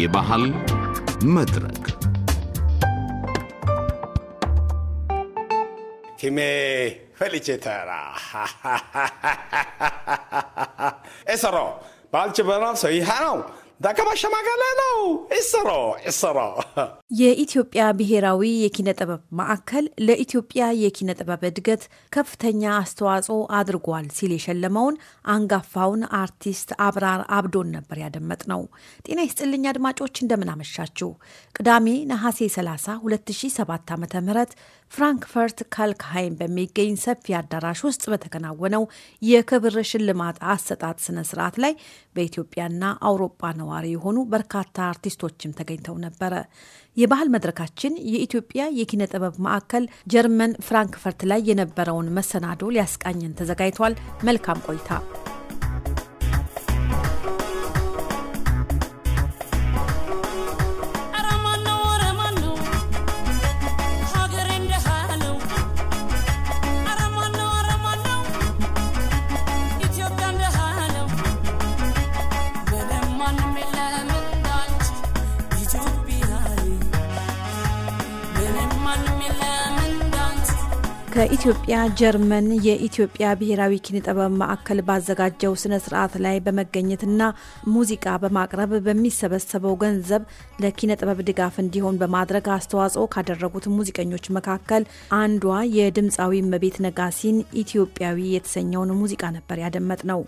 የባህል መድረክ ቲሜ ፈሊቼተራ ኤሰሮ ባልች በራሶ ነው የኢትዮጵያ ብሔራዊ የኪነ ጥበብ ማዕከል ለኢትዮጵያ የኪነ ጥበብ እድገት ከፍተኛ አስተዋጽኦ አድርጓል ሲል የሸለመውን አንጋፋውን አርቲስት አብራር አብዶን ነበር ያደመጥ ነው። ጤና ይስጥልኝ አድማጮች እንደምን አመሻችሁ። ቅዳሜ ነሐሴ 30 2007 ዓ ም ፍራንክፈርት ካልክሃይም በሚገኝ ሰፊ አዳራሽ ውስጥ በተከናወነው የክብር ሽልማት አሰጣጥ ስነ ስርዓት ላይ በኢትዮጵያና አውሮፓ ነዋሪ የሆኑ በርካታ አርቲስቶችም ተገኝተው ነበረ። የባህል መድረካችን የኢትዮጵያ የኪነ ጥበብ ማዕከል ጀርመን ፍራንክፈርት ላይ የነበረውን መሰናዶ ሊያስቃኝን ተዘጋጅቷል። መልካም ቆይታ። ከኢትዮጵያ ጀርመን የኢትዮጵያ ብሔራዊ ኪነጥበብ ማዕከል ባዘጋጀው ስነ ስርዓት ላይ በመገኘትና ሙዚቃ በማቅረብ በሚሰበሰበው ገንዘብ ለኪነ ጥበብ ድጋፍ እንዲሆን በማድረግ አስተዋጽኦ ካደረጉት ሙዚቀኞች መካከል አንዷ የድምፃዊ መቤት ነጋሲን ኢትዮጵያዊ የተሰኘውን ሙዚቃ ነበር ያደመጥ ነው።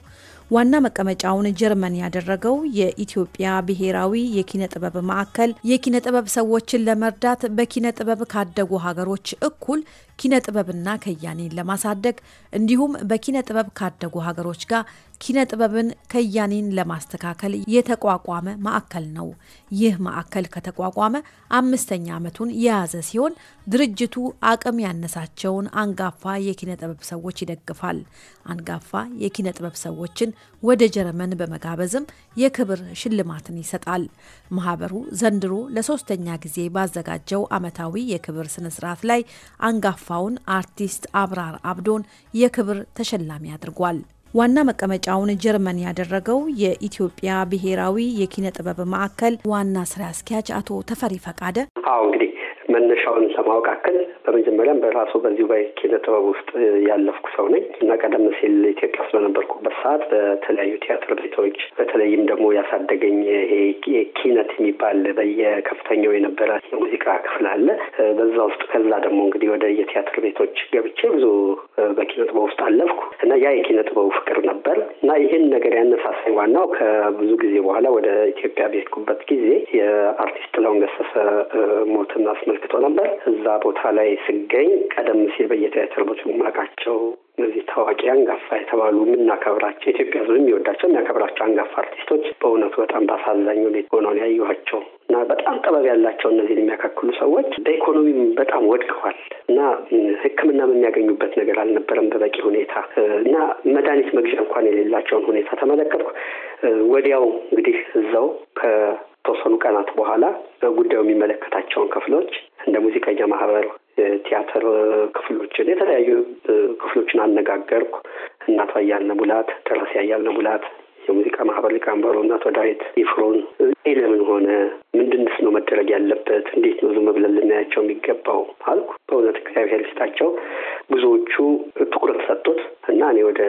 ዋና መቀመጫውን ጀርመን ያደረገው የኢትዮጵያ ብሔራዊ የኪነ ጥበብ ማዕከል የኪነ ጥበብ ሰዎችን ለመርዳት በኪነ ጥበብ ካደጉ ሀገሮች እኩል ኪነ ጥበብና ከያኔን ለማሳደግ እንዲሁም በኪነ ጥበብ ካደጉ ሀገሮች ጋር ኪነ ጥበብን ከያኔን ለማስተካከል የተቋቋመ ማዕከል ነው። ይህ ማዕከል ከተቋቋመ አምስተኛ ዓመቱን የያዘ ሲሆን ድርጅቱ አቅም ያነሳቸውን አንጋፋ የኪነ ጥበብ ሰዎች ይደግፋል። አንጋፋ የኪነ ጥበብ ሰዎችን ወደ ጀርመን በመጋበዝም የክብር ሽልማትን ይሰጣል። ማህበሩ ዘንድሮ ለሶስተኛ ጊዜ ባዘጋጀው ዓመታዊ የክብር ስነስርዓት ላይ አንጋፋውን አርቲስት አብራር አብዶን የክብር ተሸላሚ አድርጓል። ዋና መቀመጫውን ጀርመን ያደረገው የኢትዮጵያ ብሔራዊ የኪነ ጥበብ ማዕከል ዋና ስራ አስኪያጅ አቶ ተፈሪ ፈቃደ አሁ እንግዲህ መነሻውን ለማወቅ አክል በመጀመሪያም በራሱ በዚሁ በኪነ ጥበብ ውስጥ ያለፍኩ ሰው ነኝ እና ቀደም ሲል ኢትዮጵያ ውስጥ በነበርኩበት ሰዓት በተለያዩ ቲያትር ቤቶች በተለይም ደግሞ ያሳደገኝ ይሄ ኪነት የሚባል በየከፍተኛው የነበረ የሙዚቃ ክፍል አለ። በዛ ውስጥ ከዛ ደግሞ እንግዲህ ወደ የቲያትር ቤቶች ገብቼ ብዙ በኪነ ጥበብ ውስጥ አለፍኩ እና ያ የኪነ ጥበቡ ፍቅር ነበር እና ይህን ነገር ያነሳሳኝ ዋናው ከብዙ ጊዜ በኋላ ወደ ኢትዮጵያ ቤትኩበት ጊዜ የአርቲስት ጥላሁን ገሰሰ ሞትና ተመልክቶ ነበር። እዛ ቦታ ላይ ስገኝ ቀደም ሲል በየቲያትር ቤቱ የማውቃቸው እነዚህ ታዋቂ አንጋፋ የተባሉ የምናከብራቸው ኢትዮጵያ ሕዝብ የሚወዳቸው የሚያከብራቸው አንጋፋ አርቲስቶች በእውነቱ በጣም በአሳዛኝ ሁኔታ ሆነው ነው ያየኋቸው እና በጣም ጥበብ ያላቸው እነዚህን የሚያካክሉ ሰዎች በኢኮኖሚም በጣም ወድቀዋል እና ሕክምናም የሚያገኙበት ነገር አልነበረም በበቂ ሁኔታ እና መድኃኒት መግዣ እንኳን የሌላቸውን ሁኔታ ተመለከትኩ። ወዲያው እንግዲህ እዛው ከተወሰኑ ቀናት በኋላ በጉዳዩ የሚመለከታቸውን ክፍሎች እንደ ሙዚቀኛ ማህበር፣ የቲያትር ክፍሎችን የተለያዩ ክፍሎችን አነጋገርኩ። እናቷ እያልነ ሙላት፣ ደራሲ እያልነ ሙላት፣ የሙዚቃ ማህበር ሊቀመንበሩ እና አቶ ዳዊት ይፍሩን ኤለምን ሆነ ምንድንስ ነው መደረግ ያለበት? እንዴት ነው ዝም ብለን ልናያቸው የሚገባው አልኩ። በእውነት እግዚአብሔር ይስጣቸው ብዙዎቹ ትኩረት ሰጡት እና እኔ ወደ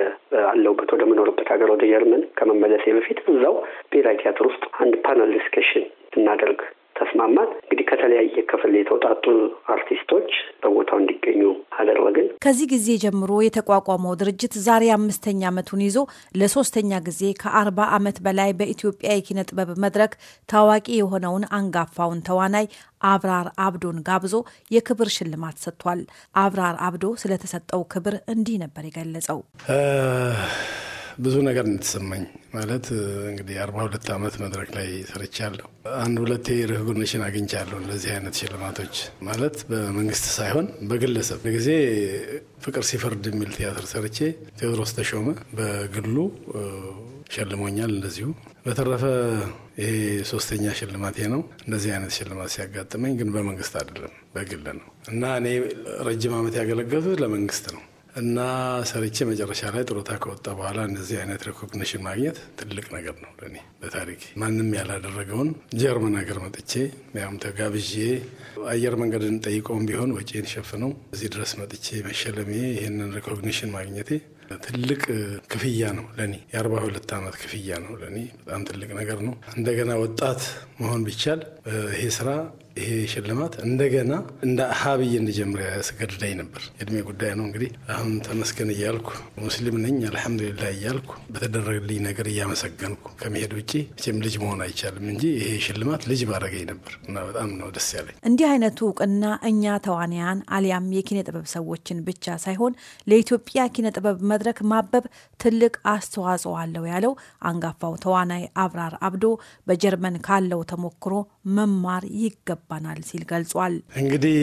አለውበት ወደ ምኖርበት ሀገር ወደ ጀርመን ከመመለሴ በፊት እዛው ብሔራዊ ቲያትር ውስጥ አንድ ፓነል ዲስከሽን እናደርግ ተስማማት። እንግዲህ ከተለያየ ክፍል የተውጣጡ አርቲስቶች በቦታው እንዲገኙ አደረግን። ከዚህ ጊዜ ጀምሮ የተቋቋመው ድርጅት ዛሬ አምስተኛ ዓመቱን ይዞ ለሶስተኛ ጊዜ ከአርባ ዓመት በላይ በኢትዮጵያ የኪነ ጥበብ መድረክ ታዋቂ የሆነውን አንጋፋውን ተዋናይ አብራር አብዶን ጋብዞ የክብር ሽልማት ሰጥቷል። አብራር አብዶ ስለተሰጠው ክብር እንዲህ ነበር የገለጸው። ብዙ ነገር እንትሰማኝ ማለት እንግዲህ አርባ ሁለት ዓመት መድረክ ላይ ሰርቻለሁ። አንድ ሁለቴ ሪኮግኒሽን አግኝቻለሁ። እንደዚህ አይነት ሽልማቶች ማለት በመንግስት ሳይሆን በግለሰብ ጊዜ ፍቅር ሲፈርድ የሚል ቲያትር ሰርቼ ቴዎድሮስ ተሾመ በግሉ ሸልሞኛል። እንደዚሁ በተረፈ ይሄ ሶስተኛ ሽልማቴ ነው። እንደዚህ አይነት ሽልማት ሲያጋጥመኝ ግን በመንግስት አይደለም በግል ነው እና እኔ ረጅም ዓመት ያገለገሉት ለመንግስት ነው። እና ሰርቼ መጨረሻ ላይ ጥሮታ ከወጣ በኋላ እንደዚህ አይነት ሬኮግኒሽን ማግኘት ትልቅ ነገር ነው ለእኔ በታሪክ ማንም ያላደረገውን ጀርመን ሀገር መጥቼ ያም ተጋብዤ አየር መንገድን ጠይቀውም ቢሆን ወጪን ሸፍነው እዚህ ድረስ መጥቼ መሸለሜ ይህንን ሬኮግኒሽን ማግኘቴ ትልቅ ክፍያ ነው ለእኔ የአርባ ሁለት ዓመት ክፍያ ነው ለእኔ በጣም ትልቅ ነገር ነው። እንደገና ወጣት መሆን ቢቻል ይሄ ስራ ይሄ ሽልማት እንደገና እንደ ሀብዬ እንጀምር ያስገድደኝ ነበር። የእድሜ ጉዳይ ነው እንግዲህ። አሁን ተመስገን እያልኩ ሙስሊም ነኝ አልሐምዱሊላ እያልኩ በተደረገልኝ ነገር እያመሰገንኩ ከመሄድ ውጭ ም ልጅ መሆን አይቻልም እንጂ ይሄ ሽልማት ልጅ ባረገኝ ነበር እና በጣም ነው ደስ ያለኝ። እንዲህ አይነቱ እውቅና እኛ ተዋንያን አሊያም የኪነ ጥበብ ሰዎችን ብቻ ሳይሆን ለኢትዮጵያ ኪነ ጥበብ መድረክ ማበብ ትልቅ አስተዋጽኦ አለው ያለው አንጋፋው ተዋናይ አብራር አብዶ በጀርመን ካለው ተሞክሮ መማር ይገባል ይገባናል ሲል ገልጿል። እንግዲህ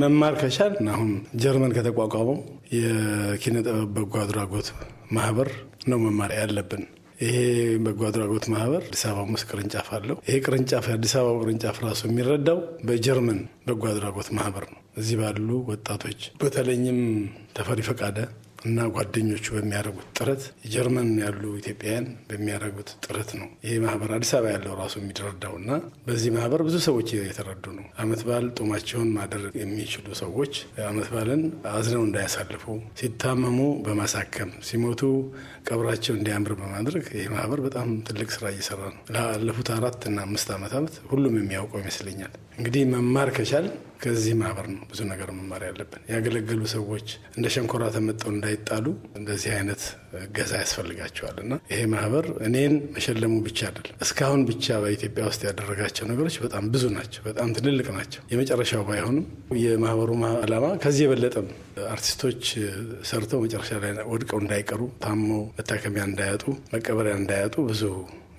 መማር ከቻል አሁን ጀርመን ከተቋቋመው የኪነ ጥበብ በጎ አድራጎት ማህበር ነው መማር ያለብን። ይሄ በጎ አድራጎት ማህበር አዲስ አበባ ውስጥ ቅርንጫፍ አለው። ይሄ ቅርንጫፍ የአዲስ አበባ ቅርንጫፍ ራሱ የሚረዳው በጀርመን በጎ አድራጎት ማህበር ነው። እዚህ ባሉ ወጣቶች በተለይም ተፈሪ ፈቃደ እና ጓደኞቹ በሚያደርጉት ጥረት ጀርመን ያሉ ኢትዮጵያውያን በሚያደርጉት ጥረት ነው ይህ ማህበር አዲስ አበባ ያለው ራሱ የሚረዳው እና በዚህ ማህበር ብዙ ሰዎች የተረዱ ነው። አመት በዓል ጦማቸውን ማድረግ የሚችሉ ሰዎች አመት በዓልን አዝነው እንዳያሳልፉ፣ ሲታመሙ በማሳከም ሲሞቱ ቀብራቸው እንዲያምር በማድረግ ይህ ማህበር በጣም ትልቅ ስራ እየሰራ ነው። ላለፉት አራት እና አምስት ዓመት ዓመት ሁሉም የሚያውቀው ይመስለኛል። እንግዲህ መማር ከቻል ከዚህ ማህበር ነው ብዙ ነገር መማር ያለብን። ያገለገሉ ሰዎች እንደ ሸንኮራ ተመጠው እንዳይጣሉ እንደዚህ አይነት እገዛ ያስፈልጋቸዋል እና ይሄ ማህበር እኔን መሸለሙ ብቻ አይደለም። እስካሁን ብቻ በኢትዮጵያ ውስጥ ያደረጋቸው ነገሮች በጣም ብዙ ናቸው፣ በጣም ትልልቅ ናቸው። የመጨረሻው ባይሆንም የማህበሩ ዓላማ ከዚህ የበለጠም አርቲስቶች ሰርተው መጨረሻ ላይ ወድቀው እንዳይቀሩ፣ ታሞ መታከሚያ እንዳያጡ፣ መቀበሪያ እንዳያጡ ብዙ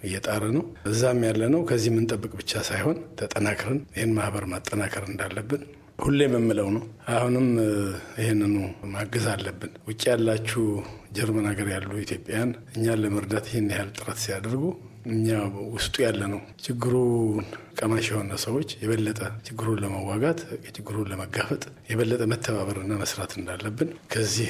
እየጣረ ነው። እዛም ያለ ነው። ከዚህ የምንጠብቅ ብቻ ሳይሆን ተጠናክረን ይህን ማህበር ማጠናከር እንዳለብን ሁሌም የምለው ነው። አሁንም ይህንኑ ማገዝ አለብን። ውጭ ያላችሁ ጀርመን ሀገር ያሉ ኢትዮጵያውያን እኛን ለመርዳት ይህን ያህል ጥረት ሲያደርጉ እኛ ውስጡ ያለ ነው። ችግሩ ቀማሽ የሆነ ሰዎች የበለጠ ችግሩን ለመዋጋት ችግሩን ለመጋፈጥ የበለጠ መተባበርና መስራት እንዳለብን ከዚህ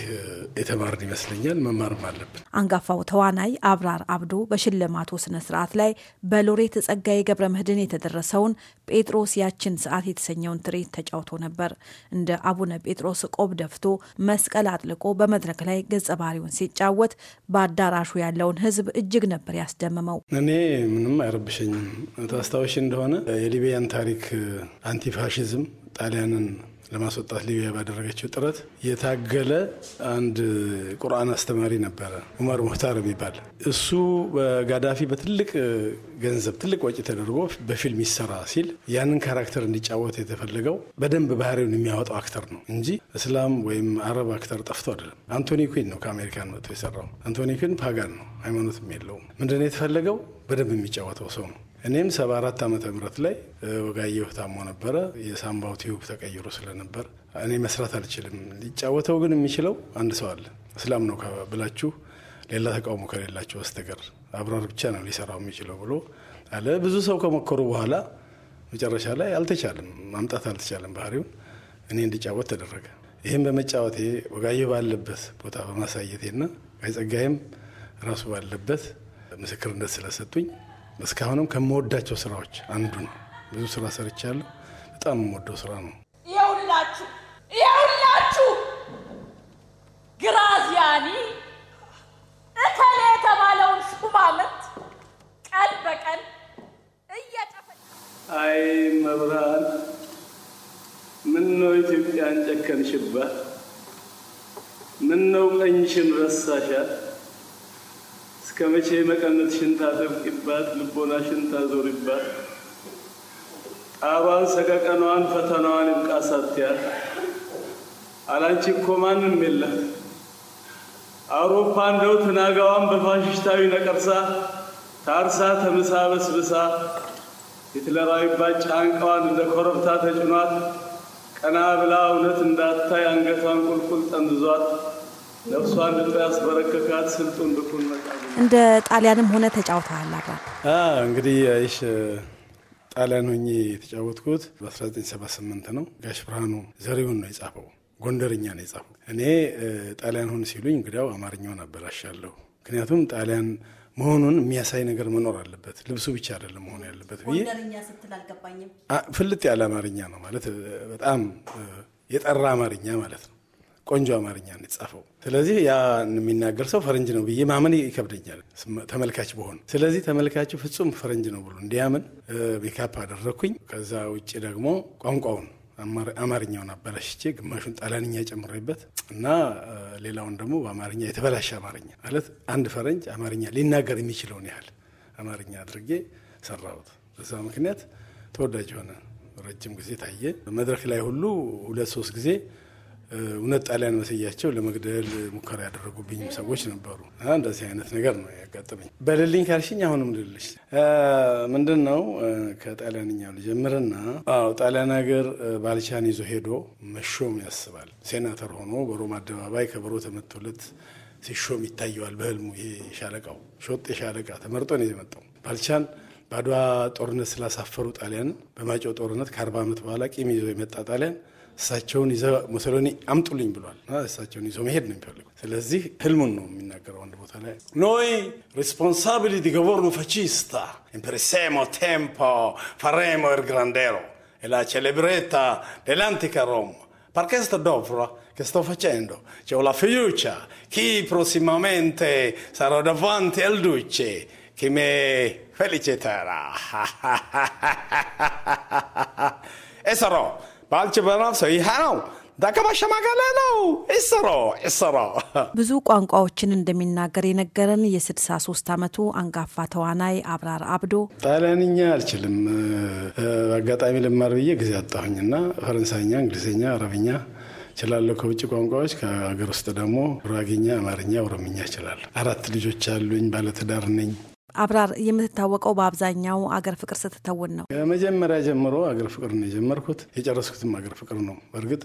የተማርን ይመስለኛል። መማርም አለብን። አንጋፋው ተዋናይ አብራር አብዶ በሽልማቱ ስነ ስርዓት ላይ በሎሬት ጸጋዬ ገብረ ምህድን የተደረሰውን ጴጥሮስ ያችን ሰዓት የተሰኘውን ትርኢት ተጫውቶ ነበር። እንደ አቡነ ጴጥሮስ ቆብ ደፍቶ መስቀል አጥልቆ በመድረክ ላይ ገጸ ባህሪውን ሲጫወት በአዳራሹ ያለውን ሕዝብ እጅግ ነበር ያስደምመው። እኔ ምንም አይረብሸኝም። ታስታውሽ እንደሆነ የሊቢያን ታሪክ አንቲፋሽዝም ጣሊያንን ለማስወጣት ሊቢያ ባደረገችው ጥረት የታገለ አንድ ቁርአን አስተማሪ ነበረ፣ ኡመር ሙህታር የሚባል እሱ በጋዳፊ በትልቅ ገንዘብ ትልቅ ወጪ ተደርጎ በፊልም ይሰራ ሲል ያንን ካራክተር እንዲጫወት የተፈለገው በደንብ ባህሪውን የሚያወጣው አክተር ነው እንጂ እስላም ወይም አረብ አክተር ጠፍቶ አይደለም። አንቶኒ ኩን ነው ከአሜሪካን መጥቶ የሰራው። አንቶኒ ኩን ፓጋን ነው፣ ሃይማኖትም የለውም። ምንድነው የተፈለገው? በደንብ የሚጫወተው ሰው ነው። እኔም ሰባ ዓመተ ምህረት ላይ ወጋየሁ ታሞ ነበረ። የሳምባው ቲዩብ ተቀይሮ ስለነበር እኔ መስራት አልችልም። ሊጫወተው ግን የሚችለው አንድ ሰው አለ። እስላም ነው ብላችሁ ሌላ ተቃውሞ ከሌላቸው በስተቀር አብራር ብቻ ነው ሊሰራው የሚችለው ብሎ አለ። ብዙ ሰው ከሞከሩ በኋላ መጨረሻ ላይ አልተቻለም፣ ማምጣት አልተቻለም ባህሪውን። እኔ እንዲጫወት ተደረገ። ይህም በመጫወቴ ወጋየሁ ባለበት ቦታ በማሳየቴና ጋይ ጸጋይም ራሱ ባለበት ምስክርነት ስለሰጡኝ እስካሁንም ከምወዳቸው ስራዎች አንዱ ነው። ብዙ ስራ ሰርቻለሁ። በጣም የምወደው ስራ ነው። ይኸውላችሁ ይኸውላችሁ ግራዚያኒ እከሌ የተባለውን ሹማምንት ቀን በቀን እየጠፈ አይ መብርሃን ምን ነው ኢትዮጵያን ጨከንሽባት? ምን ነው ቀኝሽን ረሳሻ እስከ መቼ መቀነት ሽንታ ጠብቂባት፣ ልቦና ሽንታ ዞርባት ጣሯን ሰቀቀኗን ፈተናዋን ይብቃ ሳትያት አላንቺ እኮ ማንም የለም። አውሮፓ እንደው ትናጋዋን በፋሽሽታዊ ነቀርሳ ታርሳ ተምሳ በስብሳ ሂትለራዊ ባጭ እንደ ኮረብታ ተጭኗት ቀና ብላ እውነት እንዳታይ አንገቷን ቁልቁል ጠምዝዟት ነፍሷን ስልጡን ብኩን እንደ ጣሊያንም ሆነ ተጫውተሃል አብራ እንግዲህ ጣሊያን ሆኜ የተጫወትኩት በ1978 ነው። ጋሽ ብርሃኑ ዘሪሁን ነው የጻፈው። ጎንደርኛ ነው የጻፈው። እኔ ጣሊያን ሆን ሲሉኝ እንግዲያው አማርኛውን አበላሻለሁ። ምክንያቱም ጣሊያን መሆኑን የሚያሳይ ነገር መኖር አለበት። ልብሱ ብቻ አይደለም መሆኑ ያለበት ብዬ ፍልጥ ያለ አማርኛ ነው ማለት በጣም የጠራ አማርኛ ማለት ነው። ቆንጆ አማርኛ ነው የተጻፈው። ስለዚህ ያ የሚናገር ሰው ፈረንጅ ነው ብዬ ማመን ይከብደኛል ተመልካች በሆን። ስለዚህ ተመልካቹ ፍጹም ፈረንጅ ነው ብሎ እንዲያምን ሜካፕ አደረግኩኝ። ከዛ ውጭ ደግሞ ቋንቋውን አማርኛውን አበላሽቼ ግማሹን ጣሊያንኛ ጨምሬበት እና ሌላውን ደግሞ በአማርኛ የተበላሸ አማርኛ ማለት አንድ ፈረንጅ አማርኛ ሊናገር የሚችለውን ያህል አማርኛ አድርጌ ሰራሁት። በዛ ምክንያት ተወዳጅ የሆነ ረጅም ጊዜ ታየ። መድረክ ላይ ሁሉ ሁለት ሶስት ጊዜ እውነት ጣሊያን መሰያቸው ለመግደል ሙከራ ያደረጉብኝ ሰዎች ነበሩ እንደዚህ አይነት ነገር ነው ያጋጠመኝ። በልልኝ ካልሽኝ አሁንም ልልሽ ምንድን ነው ከጣሊያንኛው ልጀምርና ጣሊያን ሀገር ባልቻን ይዞ ሄዶ መሾም ያስባል። ሴናተር ሆኖ በሮም አደባባይ ከበሮ ተመቶለት ሲሾም ይታየዋል በህልሙ። ይሄ የሻለቃው ሾጥ የሻለቃ ተመርጦ ነው የመጣው ባልቻን በአድዋ ጦርነት ስላሳፈሩ ጣሊያን በማጮ ጦርነት ከአርባ ዓመት በኋላ ቂም ይዞ የመጣ ጣሊያን እሳቸውን ይዘ ሙሰሎኒ አምጡልኝ ብሏል። እሳቸውን ይዞ መሄድ ነው የሚፈልጉ። ስለዚህ ህልሙን ነው የሚናገረው አንድ ቦታ ላይ ኖይ ሪስፖንሳብሊ ዲ ገቨርኑ ፈቺስታ ኢምፕሪሴሞ ቴምፖ ፋሬሞ ኢል ግራንዴሮ e la celebretta dell'antica Roma. Perché sto dopo? Che sto facendo? C'è la fiducia che prossimamente sarò davanti al duce che mi feliciterà. e sarò ባልችበራፍ ሰው ይሃ ነው ማሸማገለ ነው ይሰሮ ይሰሮ ብዙ ቋንቋዎችን እንደሚናገር የነገረን የ63 ዓመቱ አንጋፋ ተዋናይ አብራር አብዶ ጣሊያንኛ አልችልም፣ አጋጣሚ ልማር ብዬ ጊዜ ና ፈረንሳይኛ፣ እንግሊዝኛ፣ አረብኛ ችላለሁ ከውጭ ቋንቋዎች ከሀገር ውስጥ ደግሞ ጉራጌኛ፣ አማርኛ፣ ኦሮምኛ እችላለሁ። አራት ልጆች አሉኝ፣ ባለትዳር ነኝ። አብራር የምትታወቀው በአብዛኛው አገር ፍቅር ስትተውን ነው። ከመጀመሪያ ጀምሮ አገር ፍቅር ነው የጀመርኩት፣ የጨረስኩትም አገር ፍቅር ነው። በእርግጥ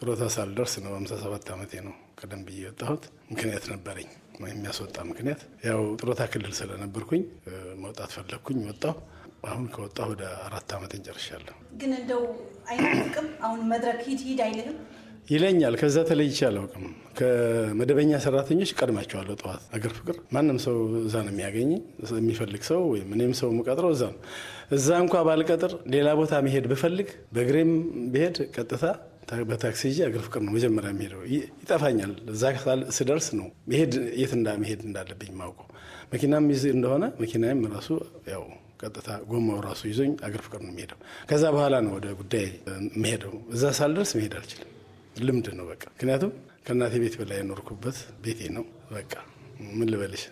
ጥሮታ ሳልደርስ ነው፣ ሃምሳ ሰባት ዓመቴ ነው ቀደም ብዬ የወጣሁት። ምክንያት ነበረኝ የሚያስወጣ ምክንያት። ያው ጥሮታ ክልል ስለነበርኩኝ መውጣት ፈለግኩኝ፣ ወጣሁ። አሁን ከወጣሁ ወደ አራት ዓመት እንጨርሻለሁ። ግን እንደው አይናፍቅም? አሁን መድረክ ሂድ ሂድ አይልህም? ይለኛል። ከዛ ተለይቼ አላውቅም። ከመደበኛ ሰራተኞች ቀድማቸዋለሁ። ጠዋት አገር ፍቅር ማንም ሰው እዛ ነው የሚያገኝ የሚፈልግ ሰው ወይም እኔም ሰው የምቀጥረው እዛ ነው። እዛ እንኳ ባልቀጥር ሌላ ቦታ መሄድ ብፈልግ በእግሬም ብሄድ ቀጥታ በታክሲ ይዤ አገር ፍቅር ነው መጀመሪያ የሚሄደው። ይጠፋኛል። እዛ ስደርስ ነው መሄድ የት እንዳ መሄድ እንዳለብኝ ማውቀው። መኪናም ይዝ እንደሆነ መኪናም ራሱ ያው ቀጥታ ጎማው ራሱ ይዞኝ አገር ፍቅር ነው የሚሄደው። ከዛ በኋላ ነው ወደ ጉዳይ መሄደው። እዛ ሳልደርስ መሄድ አልችልም። ልምድ ነው በቃ። ምክንያቱም ከእናቴ ቤት በላይ የኖርኩበት ቤቴ ነው በቃ ምን ልበልሽ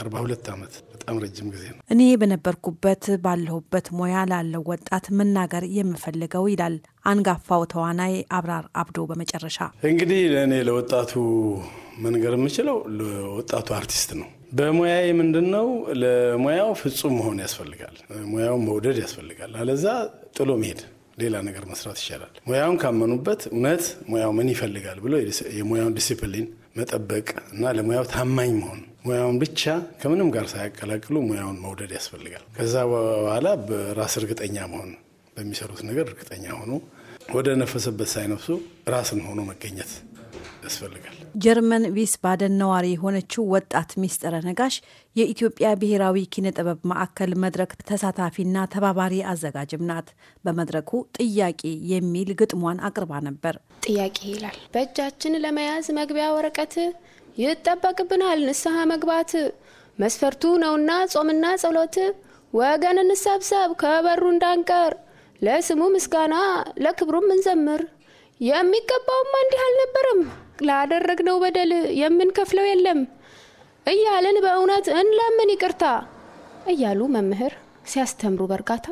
አርባ ሁለት ዓመት በጣም ረጅም ጊዜ ነው። እኔ በነበርኩበት ባለሁበት ሙያ ላለው ወጣት መናገር የምፈልገው ይላል አንጋፋው ተዋናይ አብራር አብዶ። በመጨረሻ እንግዲህ ለእኔ ለወጣቱ መንገር የምችለው ለወጣቱ አርቲስት ነው። በሙያዬ ምንድን ነው ለሙያው ፍጹም መሆን ያስፈልጋል። ሙያው መውደድ ያስፈልጋል። አለዛ ጥሎ መሄድ ሌላ ነገር መስራት ይቻላል። ሙያውን ካመኑበት እውነት ሙያው ምን ይፈልጋል ብሎ የሙያውን ዲሲፕሊን መጠበቅ እና ለሙያው ታማኝ መሆን ሙያውን ብቻ ከምንም ጋር ሳያቀላቅሉ ሙያውን መውደድ ያስፈልጋል። ከዛ በኋላ በራስ እርግጠኛ መሆን፣ በሚሰሩት ነገር እርግጠኛ ሆኖ ወደ ነፈሰበት ሳይነፍሱ ራስን ሆኖ መገኘት ያስፈልጋል። ጀርመን ቪስባደን ነዋሪ የሆነችው ወጣት ሚስጥረ ነጋሽ የኢትዮጵያ ብሔራዊ ኪነ ጥበብ ማዕከል መድረክ ተሳታፊና ተባባሪ አዘጋጅም ናት። በመድረኩ ጥያቄ የሚል ግጥሟን አቅርባ ነበር። ጥያቄ ይላል። በእጃችን ለመያዝ መግቢያ ወረቀት ይጠበቅብናል ንስሐ መግባት መስፈርቱ ነውና ጾምና ጸሎት ወገን እንሰብሰብ ከበሩ እንዳንቀር ለስሙ ምስጋና ለክብሩም እንዘምር። የሚገባውም እንዲህ አልነበረም። ላደረግነው በደል የምንከፍለው የለም እያለን በእውነት እንለምን ይቅርታ እያሉ መምህር ሲያስተምሩ በእርጋታ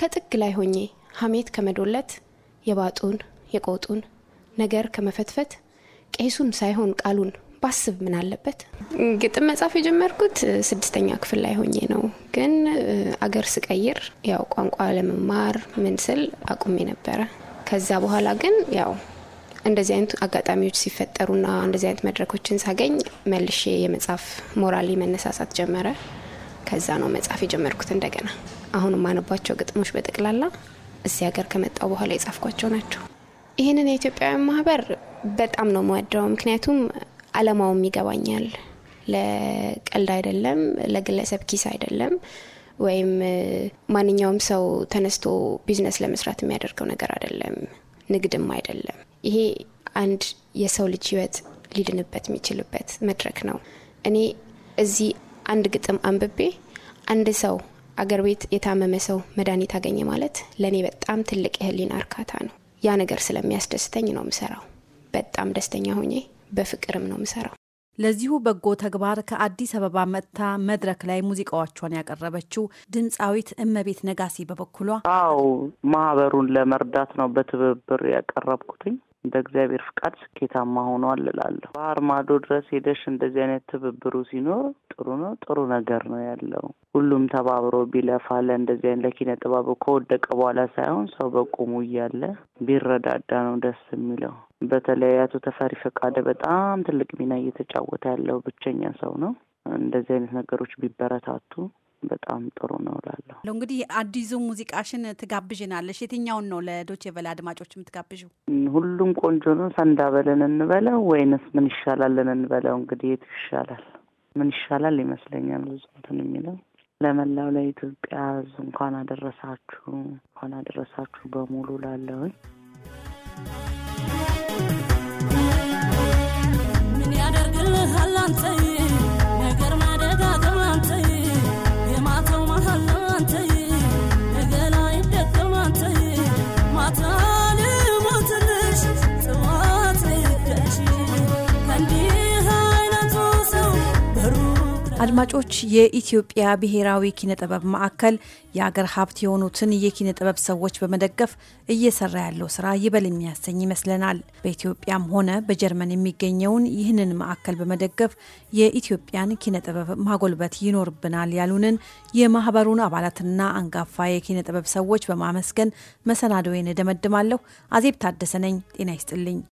ከጥግ ላይ ሆኜ ሐሜት ከመዶለት የባጡን የቆጡን ነገር ከመፈትፈት ቄሱን ሳይሆን ቃሉን ባስብ ምን አለበት። ግጥም መጻፍ የጀመርኩት ስድስተኛ ክፍል ላይ ሆኜ ነው። ግን አገር ስቀይር ያው ቋንቋ ለመማር ምን ስል አቁሜ ነበረ። ከዛ በኋላ ግን ያው እንደዚህ አይነት አጋጣሚዎች ሲፈጠሩና እንደዚህ አይነት መድረኮችን ሳገኝ መልሼ የመጽሐፍ ሞራሊ መነሳሳት ጀመረ። ከዛ ነው መጽሐፍ የጀመርኩት እንደገና። አሁን የማነባቸው ግጥሞች በጠቅላላ እዚህ ሀገር ከመጣው በኋላ የጻፍኳቸው ናቸው። ይህንን የኢትዮጵያውያን ማህበር በጣም ነው መወደው፣ ምክንያቱም አለማውም ይገባኛል። ለቀልድ አይደለም፣ ለግለሰብ ኪስ አይደለም፣ ወይም ማንኛውም ሰው ተነስቶ ቢዝነስ ለመስራት የሚያደርገው ነገር አይደለም፣ ንግድም አይደለም። ይሄ አንድ የሰው ልጅ ህይወት ሊድንበት የሚችልበት መድረክ ነው። እኔ እዚህ አንድ ግጥም አንብቤ አንድ ሰው አገር ቤት የታመመ ሰው መድኃኒት አገኘ ማለት ለእኔ በጣም ትልቅ የህሊና እርካታ ነው። ያ ነገር ስለሚያስደስተኝ ነው ምሰራው። በጣም ደስተኛ ሆኜ በፍቅርም ነው ምሰራው። ለዚሁ በጎ ተግባር ከአዲስ አበባ መጥታ መድረክ ላይ ሙዚቃዎቿን ያቀረበችው ድምፃዊት እመቤት ነጋሴ በበኩሏ አው ማህበሩን ለመርዳት ነው በትብብር ያቀረብኩትኝ እንደ እግዚአብሔር ፍቃድ ስኬታማ ሆኗል እላለሁ። ባህር ማዶ ድረስ ሄደሽ እንደዚህ አይነት ትብብሩ ሲኖር ጥሩ ነው፣ ጥሩ ነገር ነው ያለው። ሁሉም ተባብሮ ቢለፋ ለእንደዚህ አይነት ለኪነ ጥበቡ ከወደቀ በኋላ ሳይሆን ሰው በቁሙ እያለ ቢረዳዳ ነው ደስ የሚለው። በተለይ አቶ ተፈሪ ፈቃደ በጣም ትልቅ ሚና እየተጫወተ ያለው ብቸኛ ሰው ነው። እንደዚህ አይነት ነገሮች ቢበረታቱ በጣም ጥሩ ነው ላለሁ እንግዲህ አዲሱ ሙዚቃሽን ትጋብዥናለሽ። የትኛውን ነው ለዶቼ በላ አድማጮች የምትጋብዡ? ሁሉም ቆንጆ ነው። ሰንዳ በለን እንበለው ወይንስ ምን ይሻላልን እንበለው? እንግዲህ የቱ ይሻላል? ምን ይሻላል ይመስለኛል ብዙ እንትን የሚለው ለመላው ለኢትዮጵያ ሕዝብ እንኳን አደረሳችሁ እንኳን አደረሳችሁ በሙሉ ላለሁኝ ምን ያደርግልህ አላንተ አድማጮች የኢትዮጵያ ብሔራዊ ኪነ ጥበብ ማዕከል የአገር ሀብት የሆኑትን የኪነ ጥበብ ሰዎች በመደገፍ እየሰራ ያለው ስራ ይበል የሚያሰኝ ይመስለናል። በኢትዮጵያም ሆነ በጀርመን የሚገኘውን ይህንን ማዕከል በመደገፍ የኢትዮጵያን ኪነ ጥበብ ማጎልበት ይኖርብናል ያሉንን የማህበሩን አባላትና አንጋፋ የኪነ ጥበብ ሰዎች በማመስገን መሰናዶዬን እደመድማለሁ። አዜብ ታደሰ ነኝ። ጤና ይስጥልኝ።